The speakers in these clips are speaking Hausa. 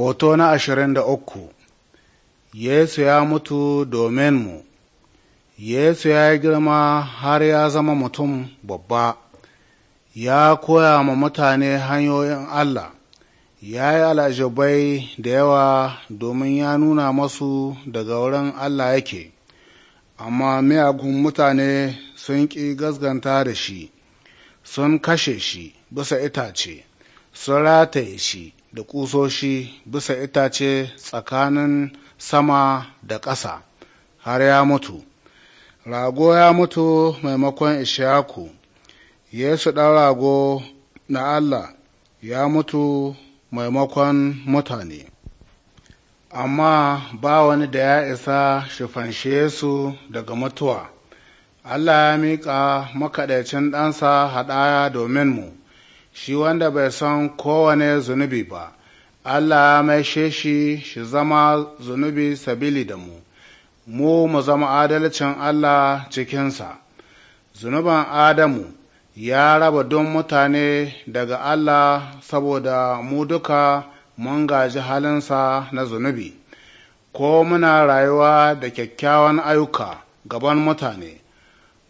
Hoto na ashirin da uku Yesu ya mutu domin mu Yesu ya yi girma har ya zama mutum babba, ya koya ma mutane hanyoyin Allah, ya yi alajabai da yawa domin ya nuna masu daga wurin Allah yake, amma miyagun mutane sun ƙi gasganta da shi, sun kashe shi bisa itace. sun rataye shi da ƙusoshi bisa itace tsakanin sama da ƙasa har ya mutu rago ya mutu maimakon ishaku yesu ɗan rago na allah ya mutu maimakon mutane amma ba wani da ya isa shi su daga mutuwa allah ya miƙa makaɗaicin ɗansa haɗaya domin mu shi wanda bai san kowane zunubi ba allah mai shi shi zama zunubi sabili da mu mu mu zama adalcin allah cikinsa zunuban adamu ya raba don mutane daga allah saboda mu duka mun gaji halinsa na zunubi ko muna rayuwa da kyakkyawan ayuka gaban mutane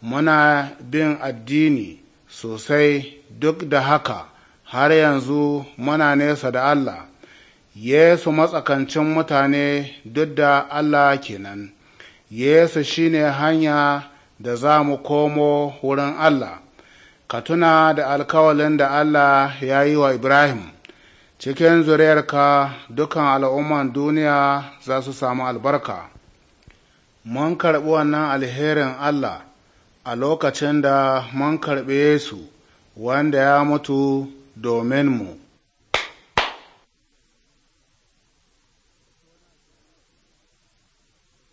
muna bin addini sosai duk da haka har yanzu muna nesa da Allah, Yesu matsakancin mutane duk da Allah kenan, Yesu shi ne hanya da za mu komo wurin Allah, ka tuna da alkawalin da Allah ya yi wa Ibrahim, cikin zuriyarka dukan al'umman duniya za su samu albarka. Mun karɓi wannan alherin Allah. a lokacin da mun karɓe su wanda ya mutu domin mu.